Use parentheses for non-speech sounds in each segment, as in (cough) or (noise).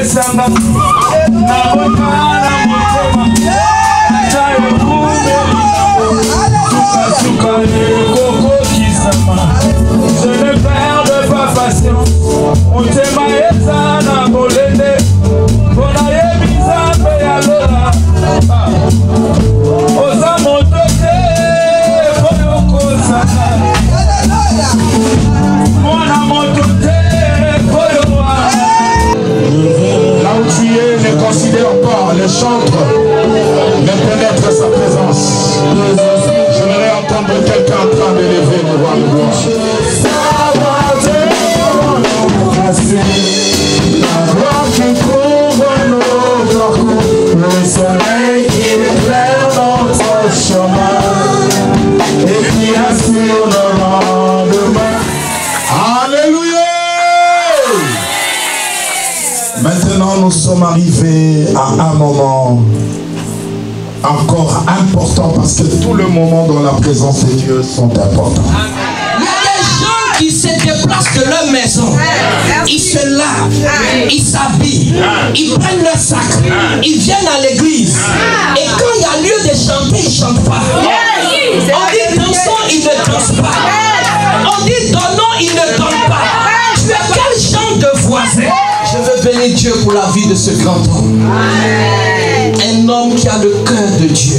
esamba nabotana chante nous sommes arrivés à un moment encore important parce que tous les moments dans la présence de Dieu sont importants. Il y a des gens qui se déplacent de leur maison. Ils se lavent, ils s'habillent, ah. ils prennent leur sac, ah. ils viennent à l'église. Ah. Et quand il y a lieu de chanter, ils ne chantent pas. On dit dansons, ils ne dansent pas. On dit donnant, ils ne donnent pas. Tu quel genre de voisin je veux bénir Dieu pour la vie de ce grand homme. Un homme qui a le cœur de Dieu.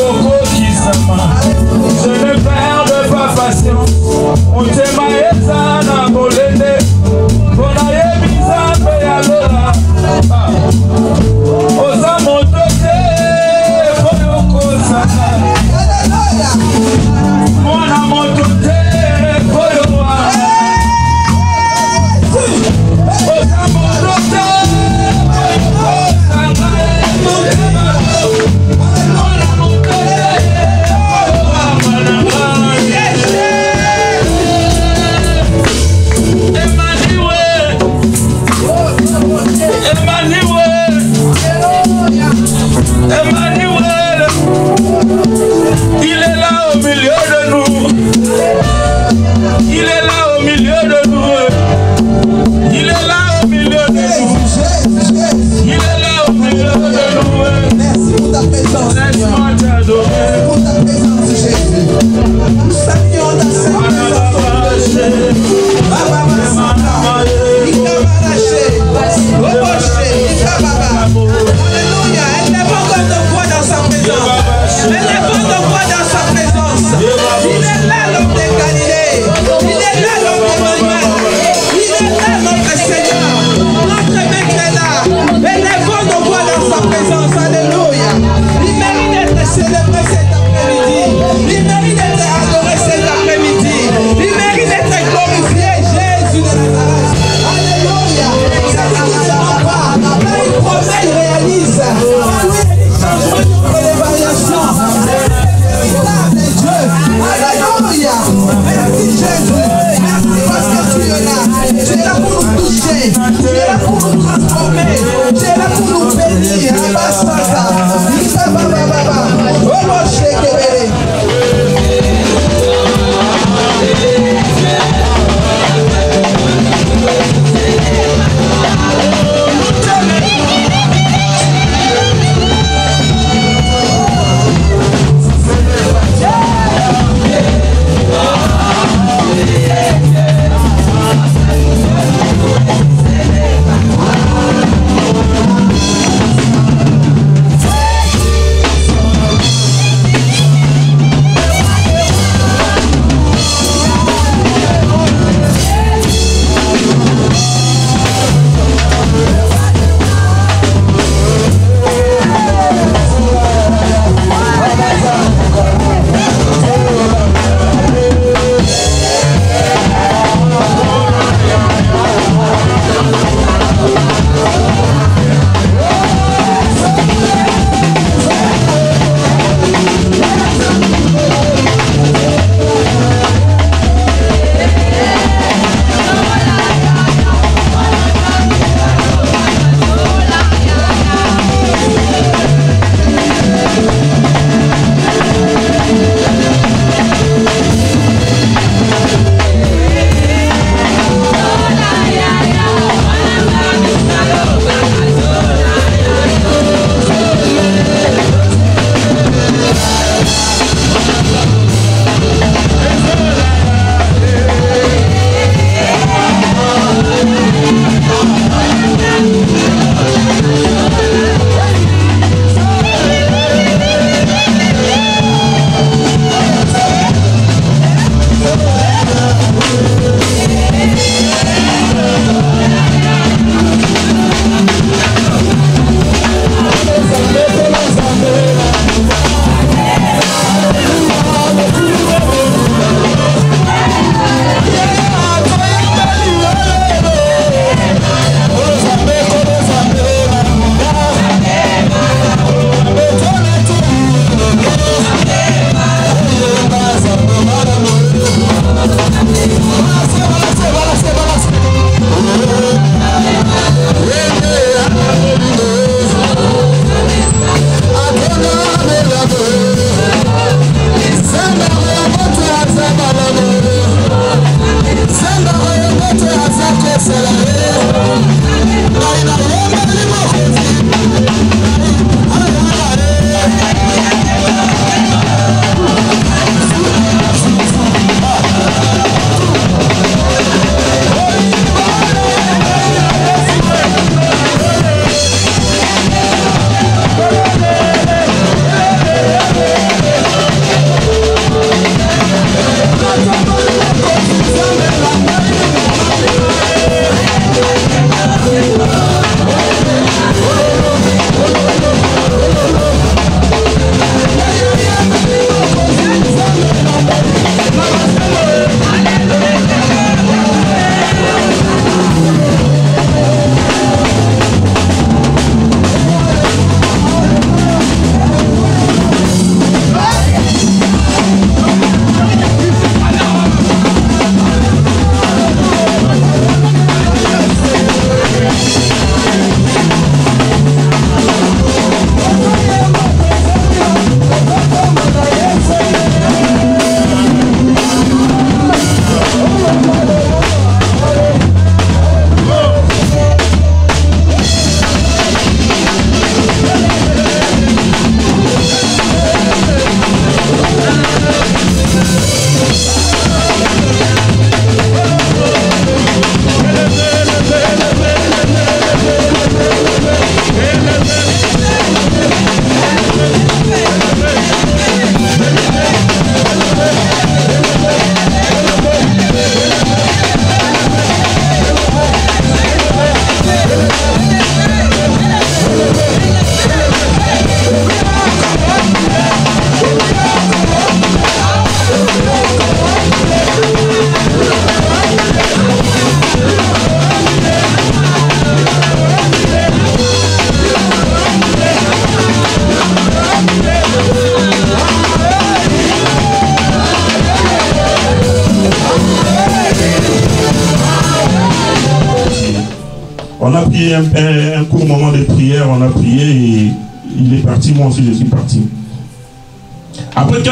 Mona, Mona.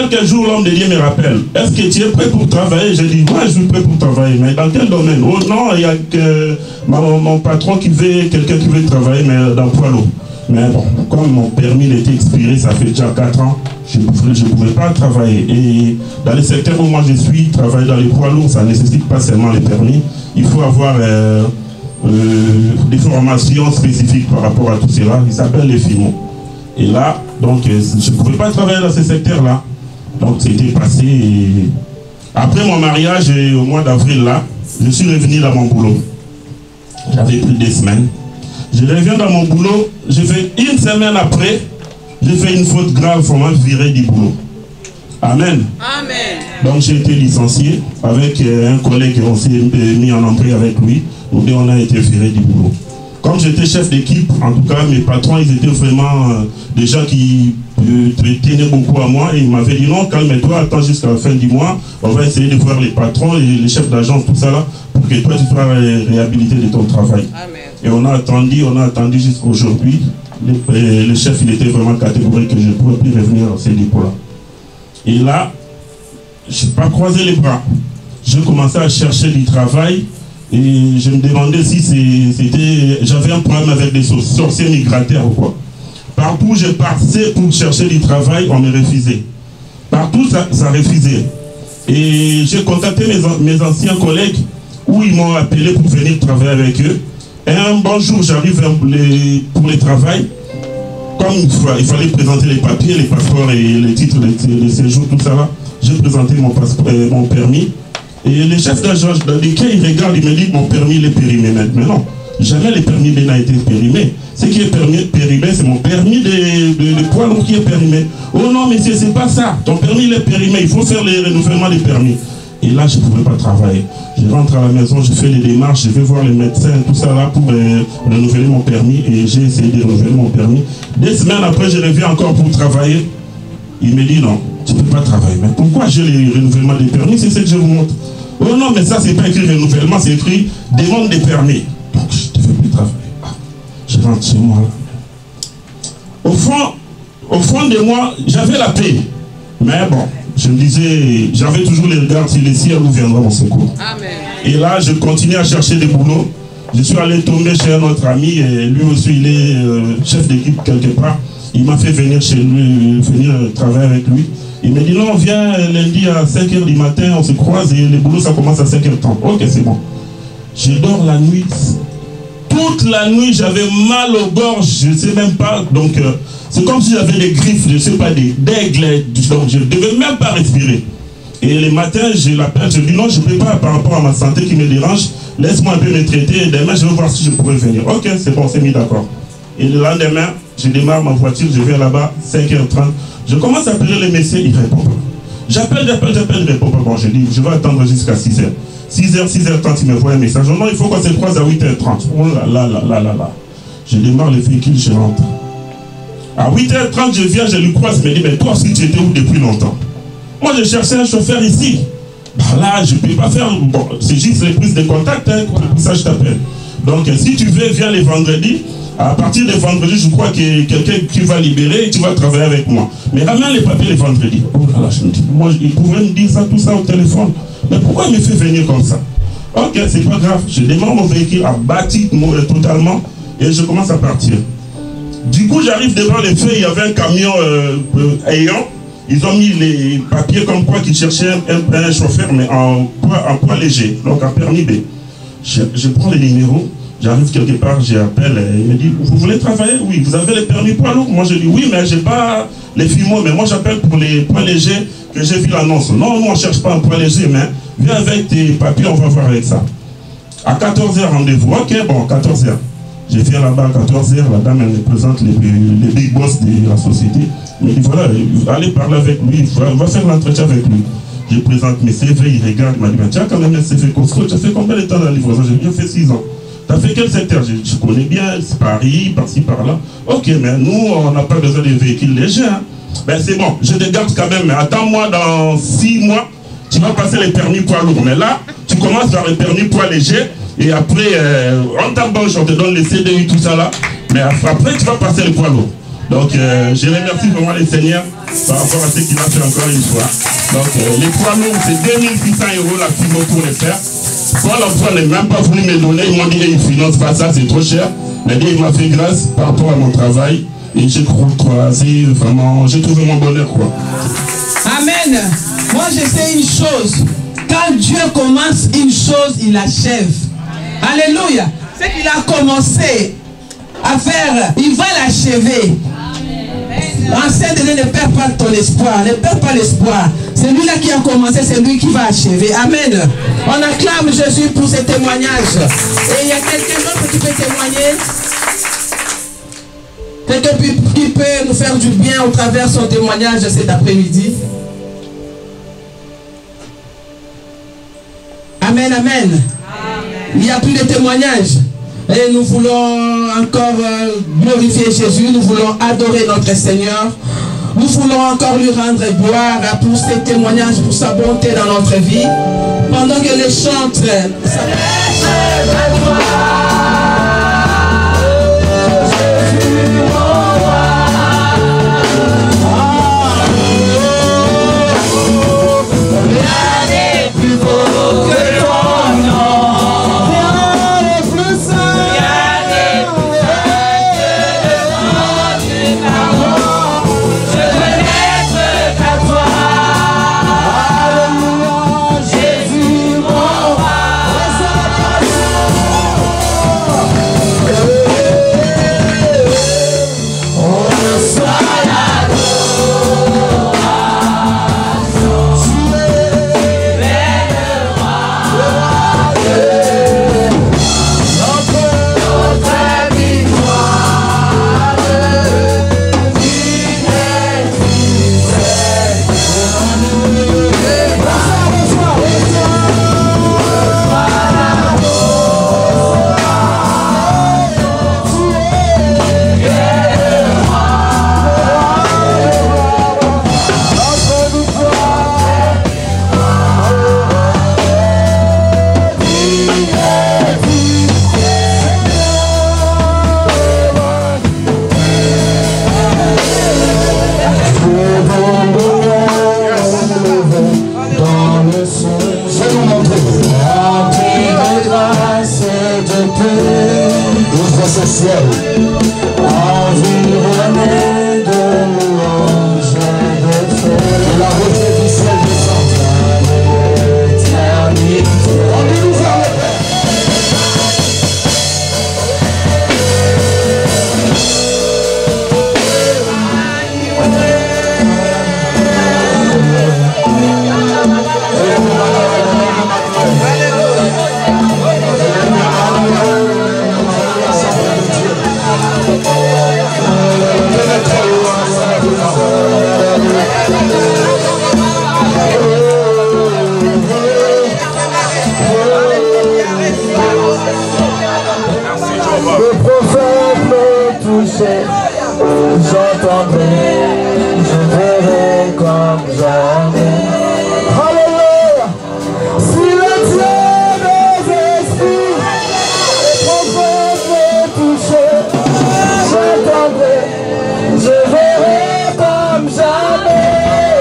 quelques jour, l'homme de Dieu me rappelle, est-ce que tu es prêt pour travailler J'ai dit « moi, je suis prêt pour travailler, mais dans quel domaine Oh non, il y a que mon, patron qui veut, quelqu'un qui veut travailler, mais dans lourd. Mais bon, comme mon permis était expiré, ça fait déjà 4 ans, je ne pouvais, pas travailler. Et dans le secteur où moi je suis, travailler dans les poids lourds, ça ne nécessite pas seulement les permis. Il faut avoir euh, euh, des formations spécifiques par rapport à tout cela. Ils s'appelle les FIMO. Et là, donc, euh, je ne pouvais pas travailler dans ce secteurs là c'était passé. Après mon mariage, au mois d'avril, là, je suis revenu dans mon boulot. J'avais pris des semaines. Je reviens dans mon boulot, je fais une semaine après, j'ai fait une faute grave, pour m'a virer du boulot. Amen. Donc j'ai été licencié avec euh, un collègue, on s'est mis en entrée avec lui. Donc on a été viré du boulot. Comme j'étais chef d'équipe, en tout cas mes patrons, ils étaient vraiment euh, des gens qui le tenais beaucoup à moi et il m'avait dit non, calme-toi, attends jusqu'à la fin du mois, on va essayer de voir les patrons et les chefs d'agence, tout ça là, pour que toi tu la réhabilité de ton travail. Ah, et on a attendu, on a attendu jusqu'à aujourd'hui. Le, chef, il était vraiment catégorique que je ne pouvais plus revenir à ces dépôts-là. Et là, je n'ai pas croisé les bras. Je commençais à chercher du travail et je me demandais si c'était... J'avais un problème avec des sorciers migrataires ou quoi. Partout où je passé pour chercher du travail, on me refusait. Partout, ça, ça refusait. Et j'ai contacté mes, anciens collègues où ils m'ont appelé pour venir travailler avec eux. Et un bon jour, j'arrive pour le travail. Comme il fallait présenter les papiers, les passeports et les titres de séjour, tout ça j'ai présenté mon, euh, mon permis. Et le chef d'agence, il regarde, il me dit, mon permis, il est périmé maintenant. Mais non, Jamais le permis n'a été périmé. Ce qui est périmé, c'est mon permis de, poids qui est périmé. Oh non, monsieur, c'est pas ça. Ton permis, est périmé. Il faut faire le renouvellement des permis. Et là, je ne pouvais pas travailler. Je rentre à la maison, je fais les démarches, je vais voir les médecins, tout ça là pour euh, renouveler mon permis. Et j'ai essayé de renouveler mon permis. Des semaines après, je reviens encore pour travailler. Il me dit non, tu ne peux pas travailler. Mais pourquoi j'ai le renouvellement des permis C'est ce que je vous montre. Oh non, mais ça, c'est pas écrit renouvellement, c'est écrit demande des permis de je rentre chez moi. Au fond, au fond de moi, j'avais la paix. Mais bon, je me disais, j'avais toujours les regards si les siens nous viendra mon secours. Et là, je continuais à chercher des boulots. Je suis allé tomber chez un autre ami, et lui aussi, il est euh, chef d'équipe quelque part. Il m'a fait venir chez lui, euh, venir euh, travailler avec lui. Il m'a dit non, viens lundi à 5h du matin, on se croise et les boulots ça commence à 5h30. Ok, c'est bon. Je dors la nuit, toute la nuit, j'avais mal aux gorges, je ne sais même pas. Donc, euh, c'est comme si j'avais des griffes, je ne sais pas, des d'aigle. Donc, je ne devais même pas respirer. Et le matin, j'ai l'appelle, je lui dis non, je ne peux pas par rapport à ma santé qui me dérange. Laisse-moi un peu me traiter et demain, je vais voir si je pourrais venir. Ok, c'est bon, c'est mis d'accord. Et le lendemain, je démarre ma voiture, je vais là-bas, 5h30. Je commence à appeler les messieurs, il répondent pas. J'appelle, j'appelle, j'appelle, ils répondent pas. Bon, je dis, je vais attendre jusqu'à 6h. 6h, 6h30, il me voit un message. Non, il faut qu'on se croise à 8h30. Oh là là là là là là. Je démarre le véhicule, je rentre. À 8h30, je viens, je lui croise, il me dit, mais toi aussi, tu étais où depuis longtemps Moi, je cherchais un chauffeur ici. Bah là, je ne peux pas faire. c'est juste les prises de contact, hein, ça, je t'appelle. Donc, si tu veux, viens les vendredis. À partir de vendredi, je crois que quelqu'un qui va libérer tu vas travailler avec moi. Mais ramène les papiers les vendredis. Oh là là, je me dis, moi, ils pouvaient me dire ça, tout ça au téléphone. Mais pourquoi il me fait venir comme ça Ok, c'est pas grave. Je démarre mon véhicule à bâti totalement et je commence à partir. Du coup, j'arrive devant les feux, il y avait un camion euh, euh, ayant. Ils ont mis les papiers comme quoi qu'ils cherchaient un, chauffeur, mais en poids, léger, donc en permis B. je prends les numéros, J'arrive quelque part, j'appelle, et il me dit, vous voulez travailler Oui, vous avez les permis poids lourds Moi je dis, oui, mais je n'ai pas les fumeaux. mais moi j'appelle pour les poids légers que j'ai vu l'annonce. Non, nous on cherche pas un poids léger, mais viens avec tes papiers, on va voir avec ça. À 14h rendez-vous, ok, bon, 14h. J'ai fait là-bas à 14h, la dame elle me présente les, les big boss de la société. mais me dit, voilà, allez parler avec lui, on va faire l'entretien avec lui. Je présente mes CV, il regarde, il m'a dit, tiens, quand même c'est CV construit, tu as fait combien de temps dans la livraison J'ai bien fait 6 ans. T'as fait quel secteur je, connais bien, c'est Paris, par-ci, par-là. Ok, mais nous, on n'a pas besoin de véhicules légers. Hein. Ben c'est bon, je te garde quand même. Mais Attends-moi dans six mois, tu vas passer les permis poids lourds. Mais là, tu commences par les permis poids légers. Et après, euh, on en t'embauche, on te donne les CDI, tout ça là. Mais après, tu vas passer les poids lourds. Donc, euh, je remercie vraiment les seigneurs par rapport à ce qu'il a fait encore une fois. Donc, euh, les poids lourds, c'est 2600 euros la fibre pour les faire. Quand l'enfant n'est même pas voulu me donner. il m'a dit, ne finance pas bah, ça, c'est trop cher. Mais Dieu m'a fait grâce par rapport à mon travail. Et j'ai j'ai trouvé mon bonheur, quoi. Amen. Moi, je sais une chose. Quand Dieu commence une chose, il achève. Alléluia. Ce qu'il a commencé à faire, il va l'achever. Enseigne-le, ne perds pas ton espoir, ne perds pas l'espoir. C'est lui là qui a commencé, c'est lui qui va achever. Amen. On acclame Jésus pour ses témoignages. Et il y a quelqu'un d'autre qui peut témoigner. Quelqu'un qui peut nous faire du bien au travers son témoignage cet après-midi. Amen, amen, amen. Il n'y a plus de témoignages. Et nous voulons encore euh, glorifier Jésus, nous voulons adorer notre Seigneur. Nous voulons encore lui rendre gloire pour ses témoignages, pour sa bonté dans notre vie. Pendant que les chantres... j'entendrai, je verrai comme jamais. Alléluia Si le Dieu des esprits est profond me toucher, j'entendrai, je verrai comme jamais.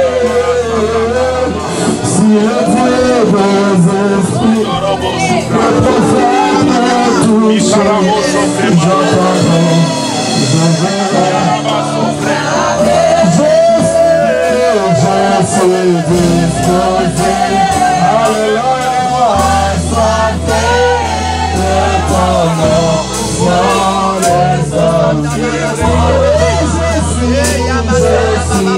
Si le Dieu des esprits est profond me toucher,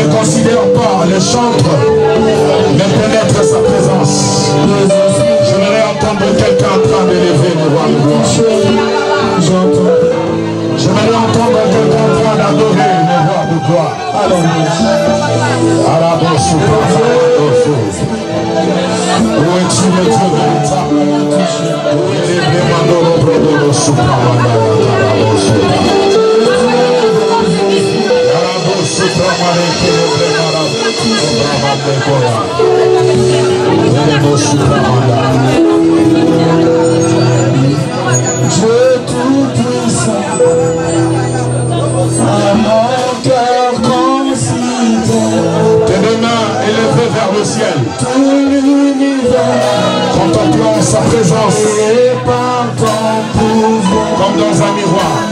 ne considère pas les chantres, mais connaître sa présence. J'aimerais entendre quelqu'un en train d'élever voix de gloire. J'aimerais entendre quelqu'un en train d'adorer mes voix de gloire. Où es-tu le Dieu Dieu tout-puissant, un mon cœur Tes mains élevées vers le ciel. Tout l'univers. sa présence. Et par ton pouvoir. Comme dans un miroir.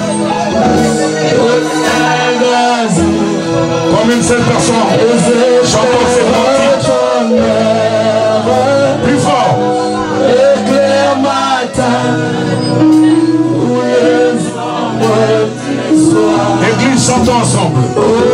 une seule personne. J'entends ce nom. Plus fort. église ma chantons ensemble.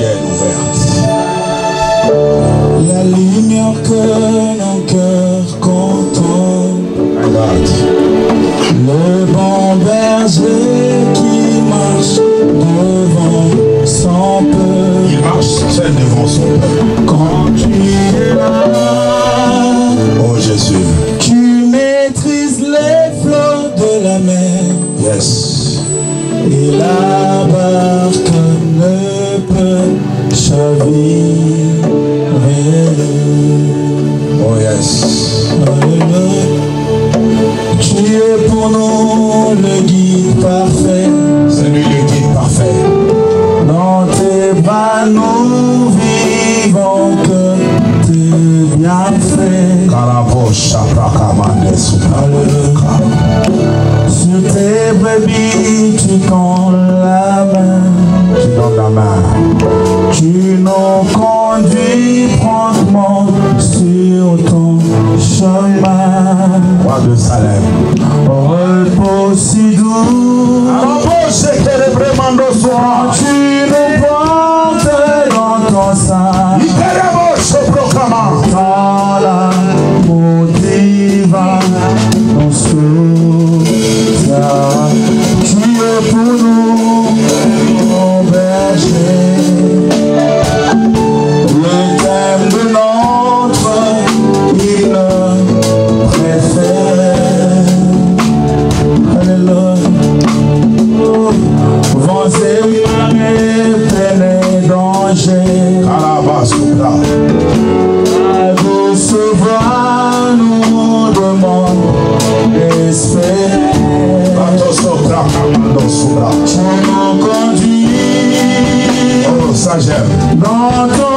ouverte. La lumière que nos cœur content. Regarde. Le bon berger qui marche devant son peuple. Il marche devant son peuple. Quand tu es là. Oh Jésus. Tu maîtrises les flots de la mer. Yes. Et là. Oh yes. Tu es pour nous le guide parfait. C'est lui le guide parfait. Dans tes bas, nous vivons que tu le faire Sur tes brebis tu tends la main. Tu donnes la main nous conduis promptement sur ton chemin. Roi de Salem. Repos si doux. Repos, c'est que les vraiment myself. Not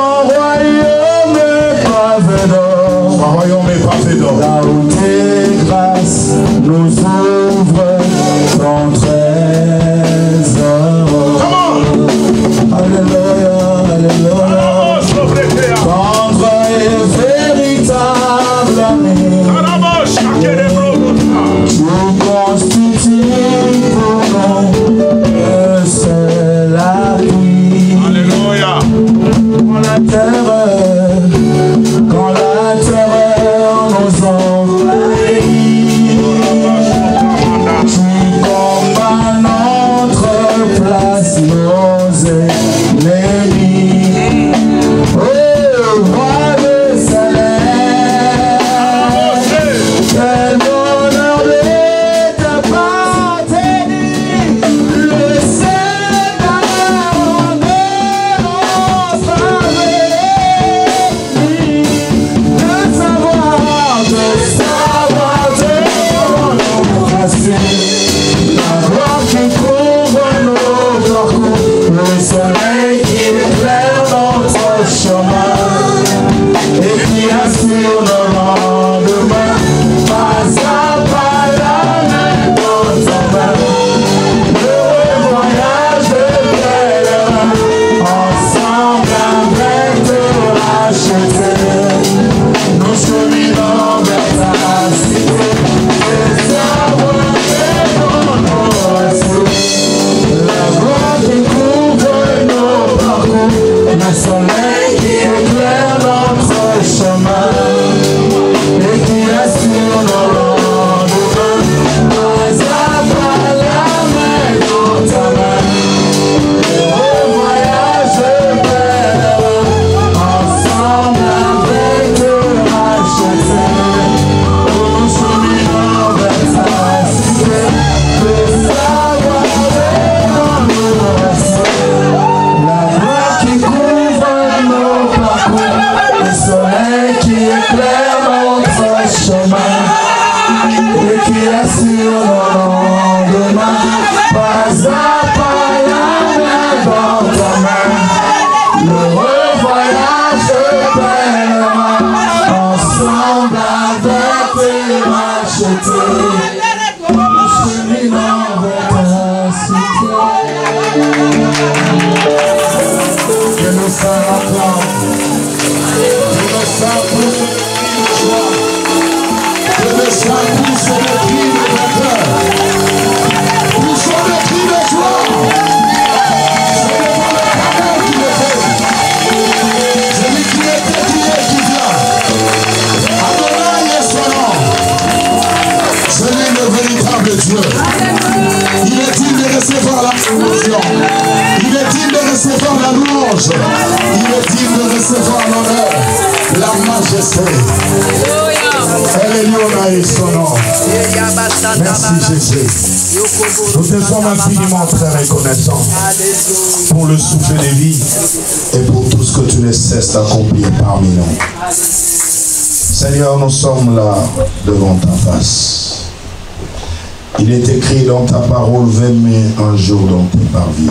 par vie.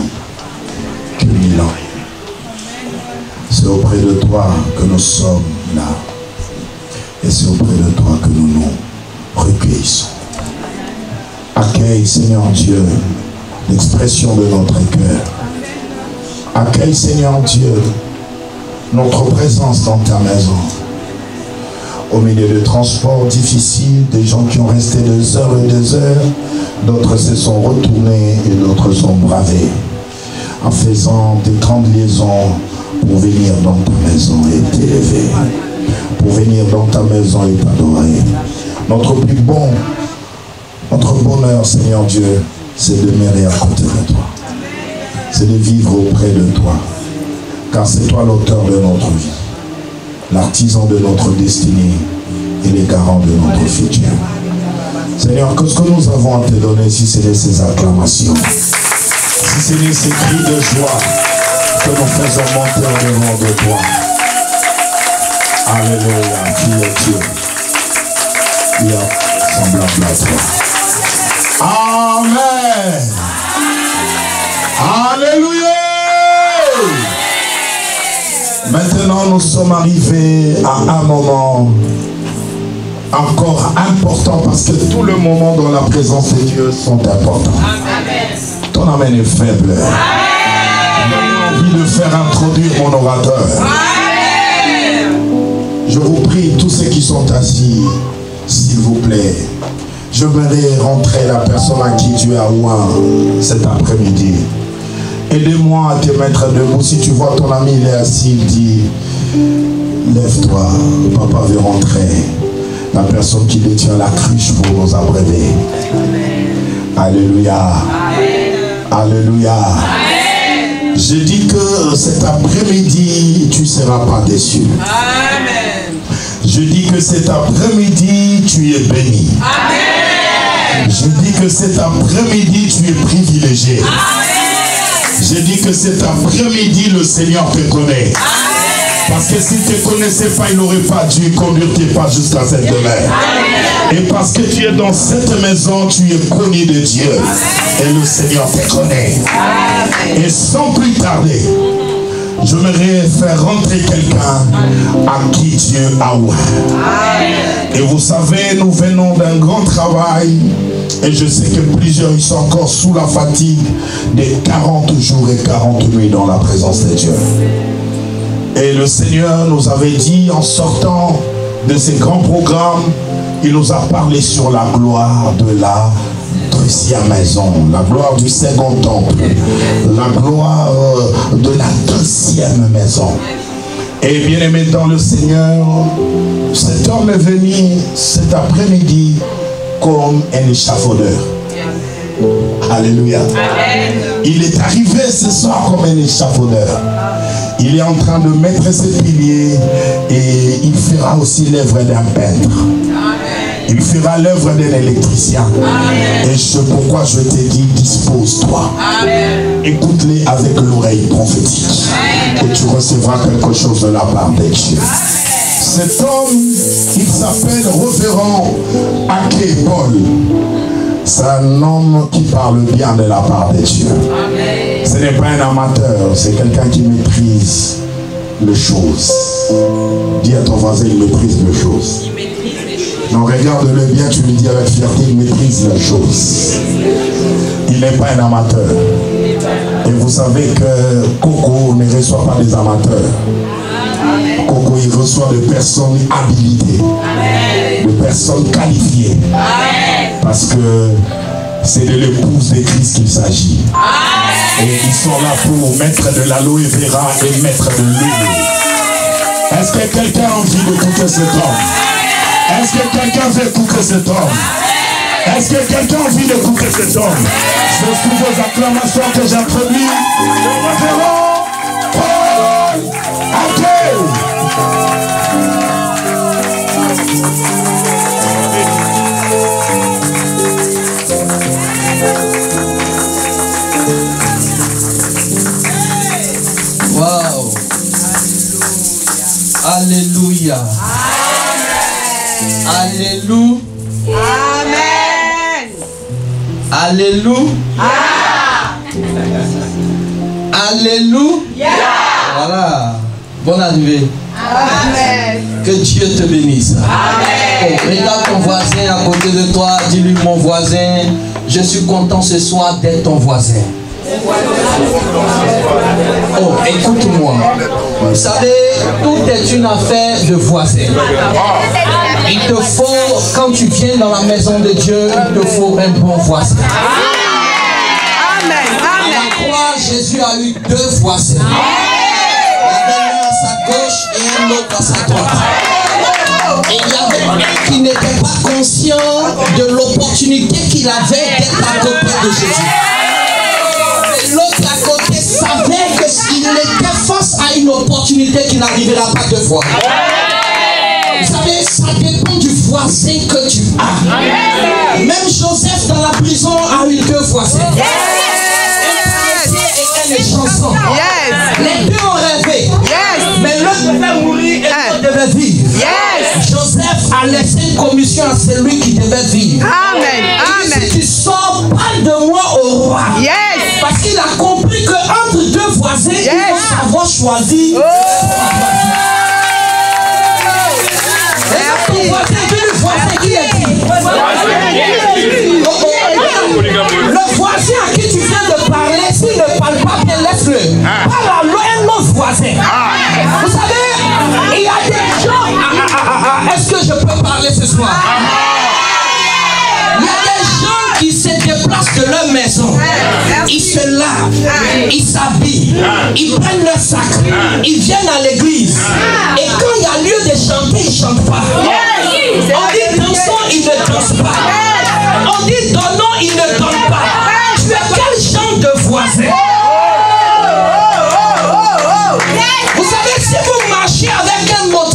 Tu ans. C'est auprès de toi que nous sommes là. Et c'est auprès de toi que nous nous recueillissons. Accueille, Seigneur Dieu, l'expression de notre cœur. Accueille, Seigneur Dieu, notre présence dans ta maison au milieu de transports difficiles, des gens qui ont resté deux heures et deux heures, d'autres se sont retournés et d'autres sont bravés en faisant des grandes liaisons pour venir dans ta maison et t'élever, pour venir dans ta maison et t'adorer. Notre plus bon, notre bonheur, Seigneur Dieu, c'est de demeurer à côté de toi. C'est de vivre auprès de toi. Car c'est toi l'auteur de notre vie l'artisan de notre destinée et les garants de notre futur. Seigneur, que ce que nous avons à te donner, si ce n'est ces acclamations, si ce n'est ces cris de joie que nous faisons monter en devant de toi. Alléluia, fille de Dieu. Il est a semblable à toi. Amen. Alléluia. Maintenant, nous sommes arrivés à un moment encore important parce que tout le moment dans la présence de Dieu sont importants. Ton amen est faible. J'ai envie de faire introduire mon orateur. Je vous prie, tous ceux qui sont assis, s'il vous plaît, je vais rentrer la personne à qui tu as loin cet après-midi. Aidez-moi à te mettre debout. Si tu vois ton ami, il est assis, il dit, lève-toi, papa veut rentrer. La personne qui détient la cruche pour nous abreuver. Alléluia. Alléluia. Je dis que euh, cet après-midi, tu ne seras pas déçu. Amen. Je dis que cet après-midi, tu es béni. Amen. Je dis que cet après-midi, tu es privilégié. Amen. J'ai dit que cet après-midi, le Seigneur te connaît. Parce que s'il ne te connaissait pas, il n'aurait pas dû conduire tes pas jusqu'à cette demeure. Et parce que tu es dans cette maison, tu es connu de Dieu. Et le Seigneur te connaît. Et sans plus tarder, je voudrais faire rentrer quelqu'un à qui Dieu a ouvert. Et vous savez, nous venons d'un grand travail et je sais que plusieurs, sont encore sous la fatigue des 40 jours et 40 nuits dans la présence de Dieu. Et le Seigneur nous avait dit, en sortant de ces grands programmes, il nous a parlé sur la gloire de la deuxième maison, la gloire du second temple, la gloire euh, de la deuxième maison. Et bien aimé dans le Seigneur, cet homme est venu cet après-midi comme un échafaudeur. Alléluia. Il est arrivé ce soir comme un échafaudeur. Il est en train de mettre ses piliers et il fera aussi l'œuvre d'un peintre. Il fera l'œuvre d'un électricien. Et c'est pourquoi je t'ai dit dispose-toi. Écoute-les avec l'oreille prophétique. Et tu recevras quelque chose de la part des dieux. Cet homme, il s'appelle Révérend Paul, C'est un homme qui parle bien de la part de Dieu. Ce n'est pas un amateur, c'est quelqu'un qui maîtrise les choses. Dis à ton voisin, il maîtrise les choses. Il maîtrise les choses. Non, regarde-le bien, tu lui dis avec fierté, il maîtrise les choses. Il n'est pas un amateur. Et vous savez que Coco ne reçoit pas des amateurs il reçoit de personnes habilitées, de personnes qualifiées. Parce que c'est de l'épouse de Christ qu'il s'agit. Et ils sont là pour mettre de l'aloe vera et mettre de l'huile. Est-ce que quelqu'un a envie couper cet homme Est-ce que quelqu'un veut couper cet homme est-ce que quelqu'un a envie couper cet homme Je suis vos acclamations que Paul Alléluia. Alléluia. Amen. Alléluia. Alléluia. Alléluia. Voilà. Bonne arrivée. Amen. Que Dieu te bénisse. Oh, regarde ton voisin à côté de toi. Dis-lui, mon voisin, je suis content ce soir d'être ton voisin. Oh, écoute-moi. Vous savez, tout est une affaire de voisin. Il te faut, quand tu viens dans la maison de Dieu, il te faut un bon voisin. Amen. la croix, Jésus a eu deux voisins. Et il y avait un qui n'était pas conscient de l'opportunité qu'il avait d'être à côté de Jésus. L'autre à côté savait que s'il était face à une opportunité qui n'arrivera pas deux fois. Vous savez, ça dépend du voisin que tu as. Même Joseph dans la prison a eu deux voisins les chansons. Yes. Les deux ont rêvé. Yes. Mais l'autre devait mourir et l'autre devait vivre. Yes. Joseph a laissé une commission à celui qui devait vivre. Amen. Amen. Si tu sors, pas de moi au roi. Yes. Parce qu'il a compris qu'entre deux voisins, il faut savoir choisir. Oh. que je peux parler ce soir Il y a des gens qui se déplacent de leur maison. Ils se lavent, ils s'habillent, ils prennent leur sac, ils viennent à l'église. Et quand il y a lieu de chanter, ils ne chantent pas. On dit dansons, ils ne dansent pas. On dit donnons, ils ne donnent pas. quel genre de voisin Vous savez, si vous marchez avec un mot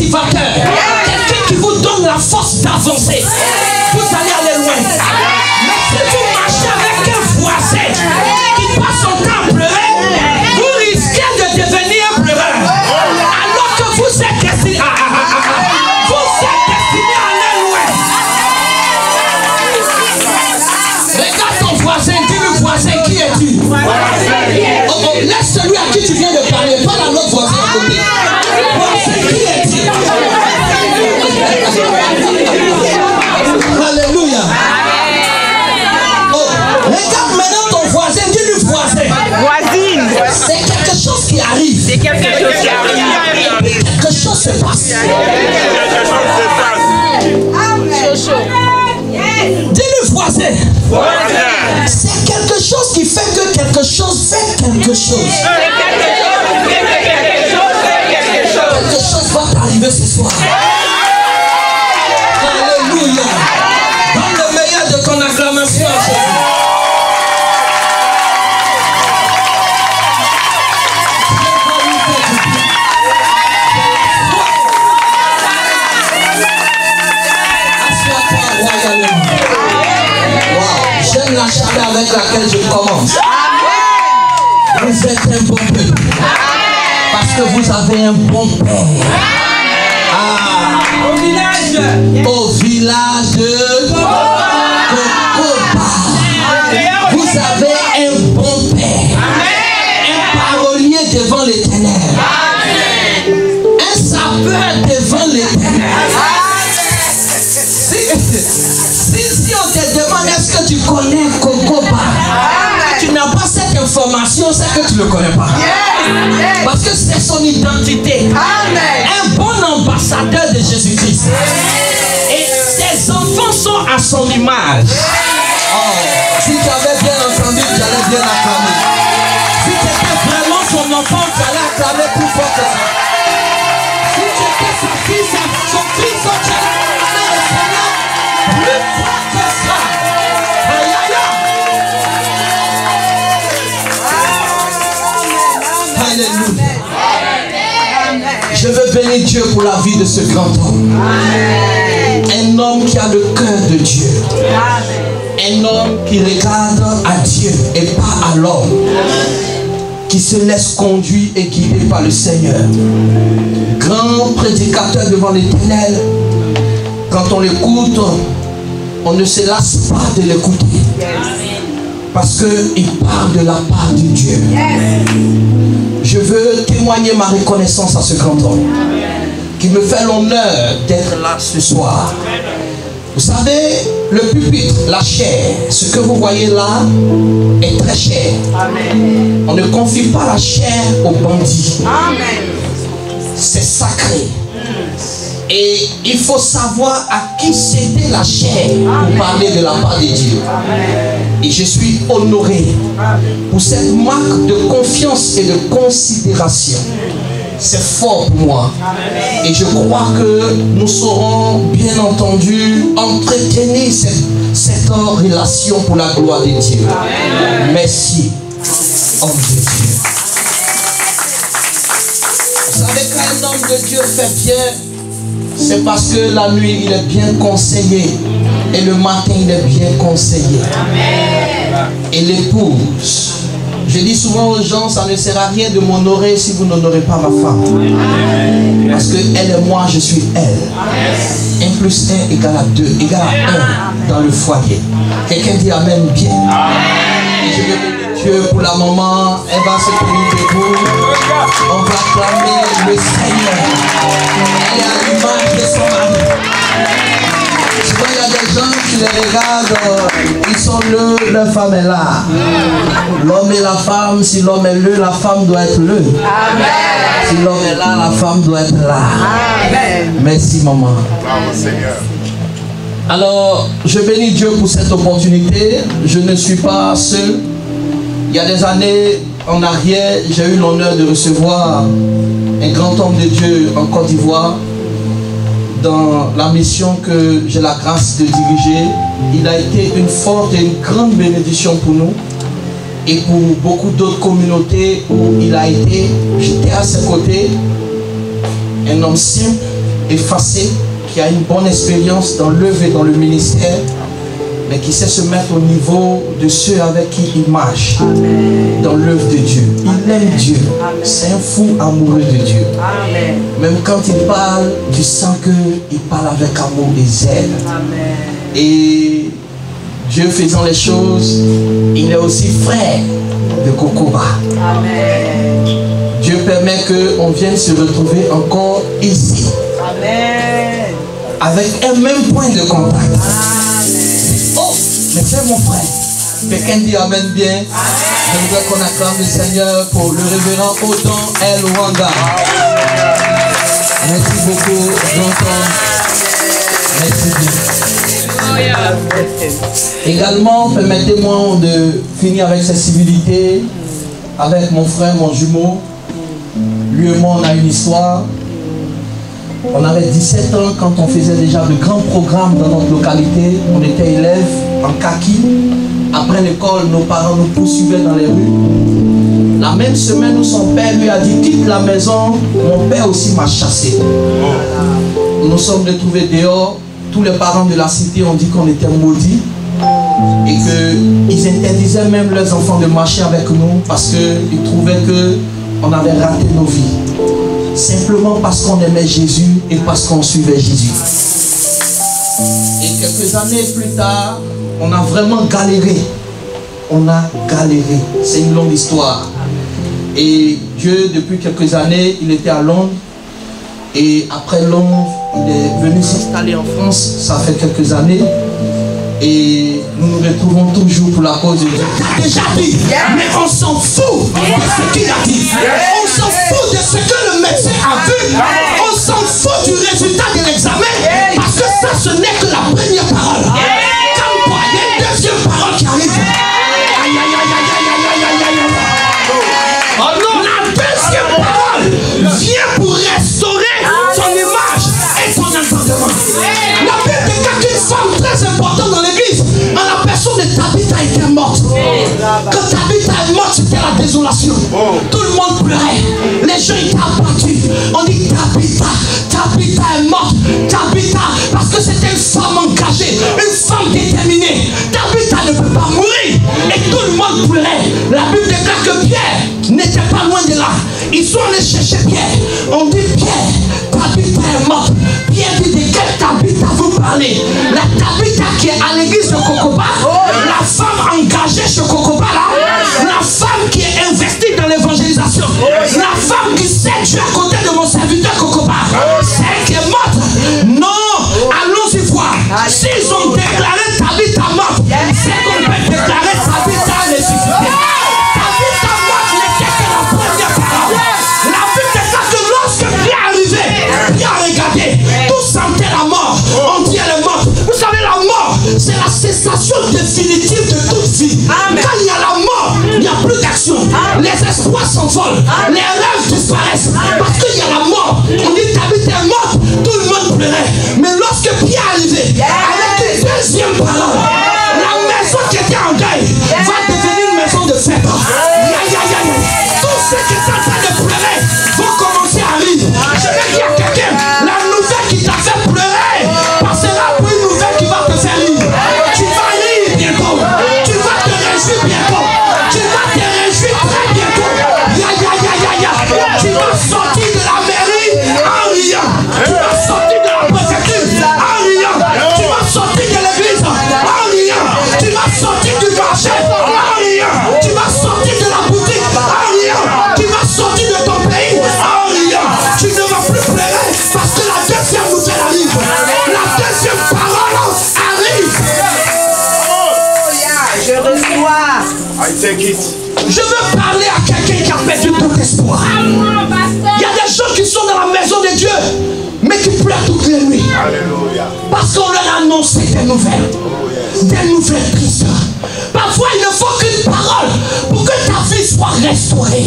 danser. Vous allez C'est quelque chose qui fait que quelque chose quelque chose. C'est quelque chose qui fait que quelque chose fait quelque chose. Quelque chose va arriver ce soir. laquelle je commence. Vous êtes un bon peuple. Parce que vous avez un bon père. Ah. Au village. Au village de Vous avez un bon père. Un parolier devant les l'éternel. Un sapeur devant l'éternel. (laughs) Si, si on te demande est-ce que tu connais ah, tu n'as pas cette information, c'est que tu ne le connais pas. Parce que c'est son identité. Un bon ambassadeur de Jésus-Christ. Et ses enfants sont à son image. si tu avais bien entendu, tu allais bien acclamer. Si tu étais vraiment son enfant, tu allais acclamer plus fort que ça. Si tu étais son fils, tu allais acclamer Je veux bénir Dieu pour la vie de ce grand homme. Un homme qui a le cœur de Dieu. Un homme qui regarde à Dieu et pas à l'homme. Qui se laisse conduire et guider par le Seigneur. Grand prédicateur devant l'éternel. Quand on l'écoute, on ne se lasse pas de l'écouter. Parce qu'il parle de la part de Dieu. Je veux témoigner ma reconnaissance à ce grand homme. Qui me fait l'honneur d'être là ce soir. Vous savez, le pupitre, la chair, ce que vous voyez là est très cher. On ne confie pas la chair aux bandits. C'est sacré. Et il faut savoir à qui c'était la chair pour parler de la part de Dieu. Et je suis honoré pour cette marque de confiance et de considération. C'est fort pour moi. Et je crois que nous saurons bien entendu entretenir cette, relation pour la gloire de Dieu. Merci. Homme de Dieu. Vous savez qu'un homme de Dieu fait bien c'est parce que la nuit, il est bien conseillé. Et le matin, il est bien conseillé. Et l'épouse. Je dis souvent aux gens, ça ne sert à rien de m'honorer si vous n'honorez pas ma femme. Parce que elle et moi, je suis elle. 1 plus 1 égale à 2, égale à 1 dans le foyer. Quelqu'un dit Amen bien pour la maman. Elle va se tenir debout. On va clamer le Seigneur. Elle est à l'image de son mari. Souvent, il y a des gens qui les regardent. Euh, ils sont le, la femme est là. L'homme et la femme, si l'homme est le, la femme doit être le. Amen. Si l'homme est là, la femme doit être là. Amen. Merci, maman. Seigneur. Alors, je bénis Dieu pour cette opportunité. Je ne suis pas seul. Il y a des années en arrière, j'ai eu l'honneur de recevoir un grand homme de Dieu en Côte d'Ivoire dans la mission que j'ai la grâce de diriger. Il a été une forte et une grande bénédiction pour nous et pour beaucoup d'autres communautés où il a été, j'étais à ses côtés, un homme simple, effacé, qui a une bonne expérience dans l'œuvre et dans le ministère et qui sait se mettre au niveau de ceux avec qui il marche dans l'œuvre de Dieu. Il aime Dieu. C'est un fou amoureux de Dieu. Même quand il parle, tu sens il parle avec amour et zèle. Et Dieu faisant les choses, il est aussi frère de Kokoba. Amen. Dieu permet qu'on vienne se retrouver encore ici. Amen. Avec un même point de contact. Monsieur mon frère. Quelqu'un dit amène bien. Je voudrais qu'on acclame le Seigneur pour le révérend Oton El Wanda. Merci beaucoup, Jonathan. Merci bien. Également, permettez-moi de finir avec cette civilité, avec mon frère, mon jumeau. Lui et moi, on a une histoire. On avait 17 ans quand on faisait déjà de grands programmes dans notre localité. On était élèves en kaki. Après l'école, nos parents nous poursuivaient dans les rues. La même semaine nous, son père lui a dit quitte la maison, mon père aussi m'a chassé. Nous nous sommes retrouvés dehors. Tous les parents de la cité ont dit qu'on était maudits et qu'ils interdisaient même leurs enfants de marcher avec nous parce qu'ils trouvaient qu'on avait raté nos vies simplement parce qu'on aimait Jésus et parce qu'on suivait Jésus. Et quelques années plus tard, on a vraiment galéré. On a galéré. C'est une longue histoire. Et Dieu, depuis quelques années, il était à Londres. Et après Londres, il est venu s'installer en France. Ça fait quelques années. Et nous nous retrouvons toujours pour la cause de Dieu. Déjà dit, mais on s'en fout. Tout le monde pleurait. Les gens, étaient abattus On dit Tabitha. Tabitha est morte. Tabitha. Parce que c'était une femme engagée. Une femme déterminée. Tabitha ne peut pas mourir. Et tout le monde pleurait. La Bible déclare que Pierre n'était pas loin de là. Ils sont allés chercher Pierre. On dit Pierre. Tabitha est morte. Pierre dit de quelle Tabitha vous parlez La Tabitha qui est à l'église de Cocoba. Oh, la femme engagée chez Cocoba oh, La femme qui est investie Oh, La femme qui sait tu es à côté de mon serviteur c'est oh, Celle qui est morte. Non, oh. allons-y voir. espoirs s'envolent, les rêves disparaissent, parce qu'il y a la mort. On dit David est mort, tout le monde pleurait. Mais lorsque Pierre est arrivé, avec une deuxième parole, Des nouvelles Parfois, il ne faut qu'une parole pour que ta vie soit restaurée.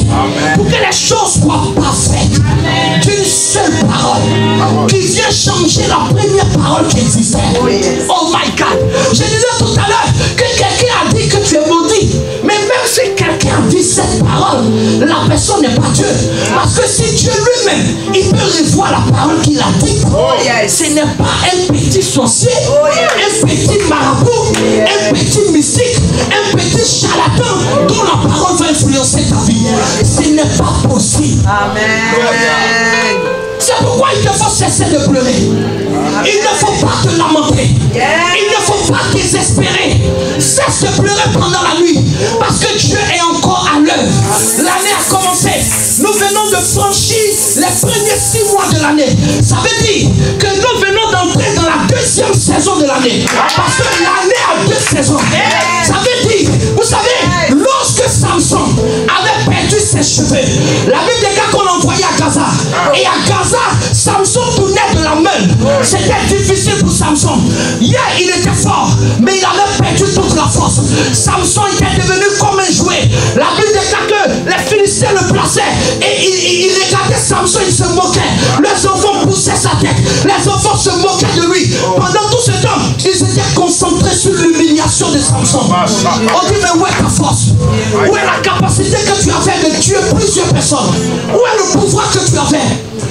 Pour que les choses soient parfaites. une seule parole qui vient changer la première parole qui existait. Oh, oh my God. Je disais tout à l'heure que quelqu'un a dit que tu es maudit. Mais même si quelqu'un dit cette parole, la personne n'est pas Dieu. Parce que si Dieu lui il peut revoir la parole qu'il a dite. Oh, Ce n'est pas un petit sorcier, oh, un petit marabout, un petit mystique, un petit charlatan dont la parole va influencer ta vie. Ce n'est pas possible. C'est pourquoi il ne faut cesser de pleurer. Il ne faut pas te lamenter. Il ne faut pas désespérer. Cesse de pleurer pendant la nuit. Parce que Dieu est encore à l'œuvre. L'année a commencé nous venons de franchir les premiers six mois de l'année. Ça veut dire que nous venons d'entrer dans la deuxième saison de l'année. Parce que l'année a deux saisons. Ça veut dire, vous savez, lorsque Samson avait perdu ses cheveux, la Bible gars qu'on envoyait à Gaza. Et à Gaza, Samson tournait de la main. C'était difficile pour Samson. Hier, il était fort, mais il avait perdu toute la force. Samson était devenu Et il, regardait Samson, il se moquait. Les enfants poussaient sa tête. Les enfants se moquaient de lui. Pendant tout ce temps, ils étaient concentrés sur l'humiliation de Samson. On dit, mais où est ta force Où est la capacité que tu avais de tuer plusieurs personnes Où est le pouvoir que tu avais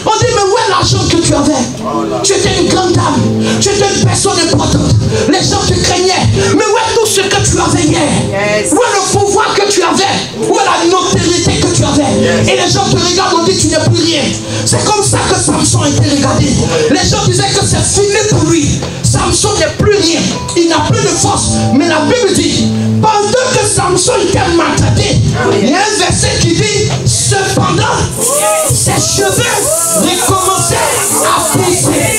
on dit, mais où est l'argent que tu avais Tu étais une grande dame. Tu étais une personne importante. Les gens te craignaient. Mais où est tout ce que tu avais hier Où est le pouvoir que tu avais, ou la notoriété que tu avais. Et les gens te regardent, on dit tu n'es plus rien. C'est comme ça que Samson a regardé. Les gens disaient que c'est fini pour lui. Samson n'est plus rien. Il n'a plus de force. Mais la Bible dit, pendant que Samson était maltraité, ah, il y a un verset qui dit, cependant, ses cheveux recommençaient à pousser.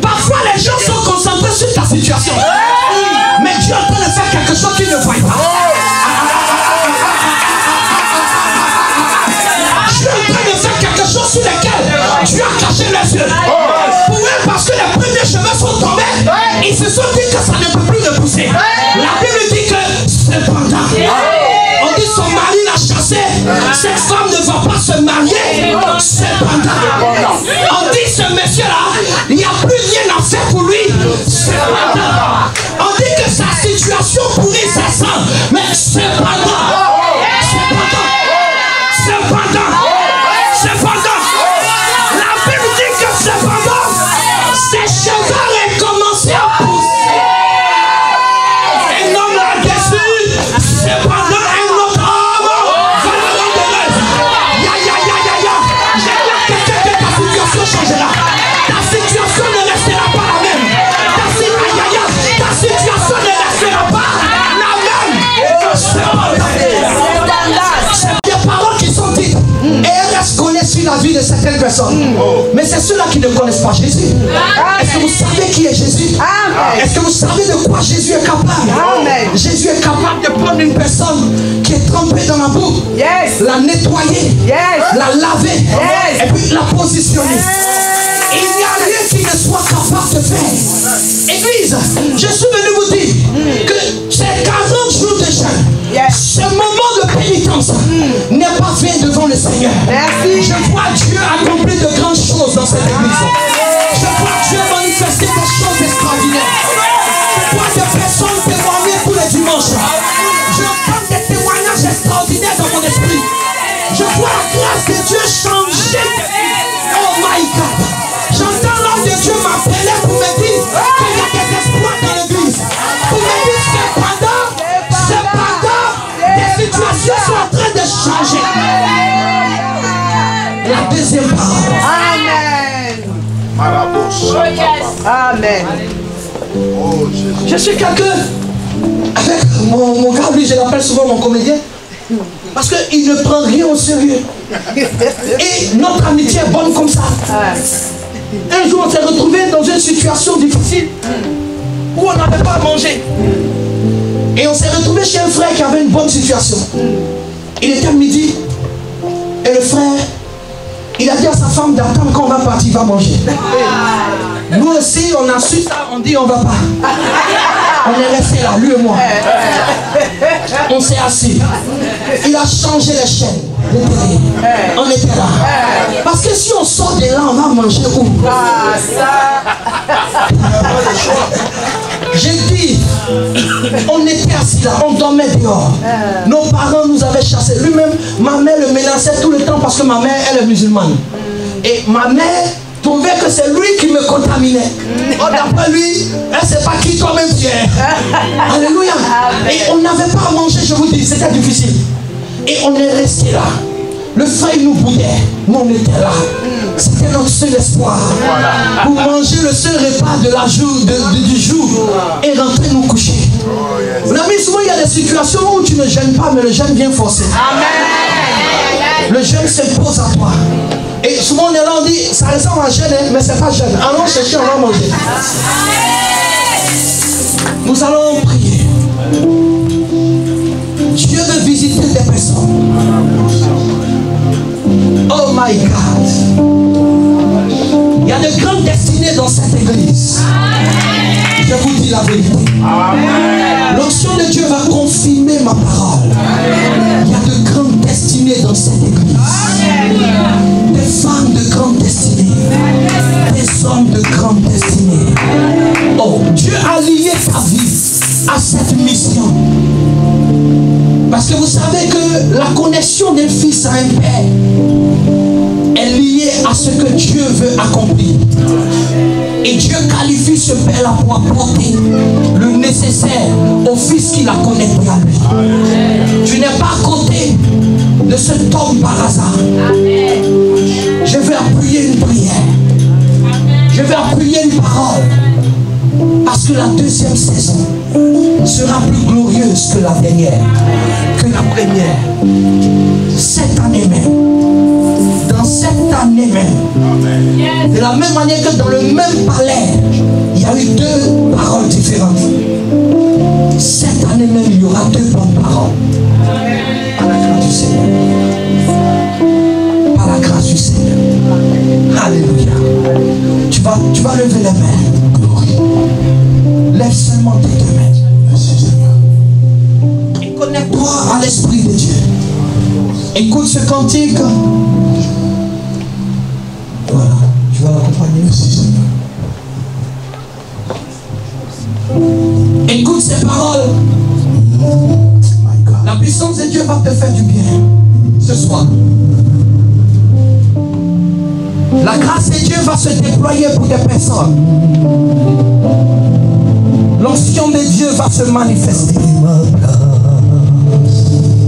Parfois les gens sont concentrés sur ta situation. On dit ce monsieur-là, il n'y a plus rien à faire pour lui. Cependant, on dit que sa situation pourri ça sent. Mais cependant, personne. Mm. Mais c'est ceux-là qui ne connaissent pas Jésus. Est-ce que vous savez qui est Jésus Est-ce que vous savez de quoi Jésus est capable Amen. Jésus est capable de prendre une personne qui est trempée dans la boue, yes. la nettoyer, la laver et puis la positionner. Il n'y a rien qui ne soit capable de faire. Église, je suis venu vous dire que ces 40 jours de jeûne, ce moment de pénitence n'est pas fait devant le Seigneur. Je vois Dieu accomplir de grandes choses dans cette église. Je vois Dieu manifester des choses extraordinaires. Je vois des personnes témoigner tous les dimanches. Je prends des témoignages extraordinaires dans mon esprit. Je vois la grâce de Dieu changer. Oh, je suis quelqu'un avec mon, gars, lui, je l'appelle souvent mon comédien. Parce qu'il ne prend rien au sérieux. Et notre amitié est bonne comme ça. Un jour, on s'est retrouvé dans une situation difficile où on n'avait pas à manger. Et on s'est retrouvé chez un frère qui avait une bonne situation. Il était midi et le frère il a dit à sa femme d'attendre qu'on va partir, va manger. Ah. Nous aussi, on a su ça, on dit on va pas. On est resté là, lui et moi. On s'est assis. Il a changé les chaînes. On était là. Ah. Parce que si on sort de là, on va manger où ah, dehors. Euh. Nos parents nous avaient chassés. Lui-même, ma mère le menaçait tout le temps parce que ma mère, elle est musulmane. Mm. Et ma mère trouvait que c'est lui qui me contaminait. Mm. Oh, d'après lui, elle ne sait pas qui toi-même tu es. (laughs) Alléluia. Et on n'avait pas à manger, je vous dis, c'était difficile. Et on est resté là. Le feu, nous bouillait. Nous, on était là. Mm. C'était notre seul espoir. Pour manger le seul repas de la jour, du jour et rentrer nous coucher. Mon ami, souvent il y a des situations où tu ne gênes pas, mais le gêne vient forcer. Amen. Le gêne s'impose à toi. Et souvent on est là, on dit, ça ressemble à gêne, hein, mais c'est pas gêne. Allons chercher, on va manger. Nous allons prier. Dieu veut visiter des personnes. Oh my God. Il y a de grandes destinées dans cette église. Amen. Je vous dis la vérité. L'onction de Dieu va confirmer ma parole. Il y a de grandes destinées dans cette église. Des femmes de grandes destinées. Des hommes de grandes destinées. Oh, Dieu a lié sa vie à cette mission. Parce que vous savez que la connexion d'un fils à un père est liée à ce que Dieu veut accomplir. Et Dieu qualifie ce père-là pour apporter le nécessaire au fils qui la connaît à Tu n'es pas à côté de cet homme par hasard. Je vais appuyer une prière. Je vais appuyer une parole. Parce que la deuxième saison sera plus glorieuse que la dernière, que la première. Cette année même, dans cette année même, de la même manière que dans le même palais, il y a eu deux paroles différentes. Cette année même, il y aura deux bonnes paroles. Par la grâce du Seigneur. Par la grâce du Seigneur. Alléluia. Tu vas, tu vas lever les mains. Lève seulement tes deux mains. Et Connecte-toi à l'Esprit de Dieu. Écoute ce cantique. puissance de Dieu va te faire du bien ce soir. La grâce de Dieu va se déployer pour des personnes. L'ancien de Dieu va se manifester.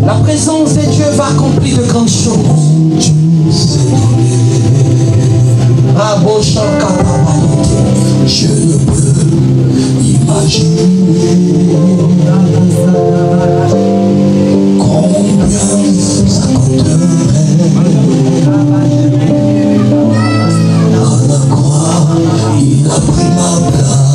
La présence de Dieu va accomplir de grandes choses. Ah, Je peux imaginer la croix, il a pris ma place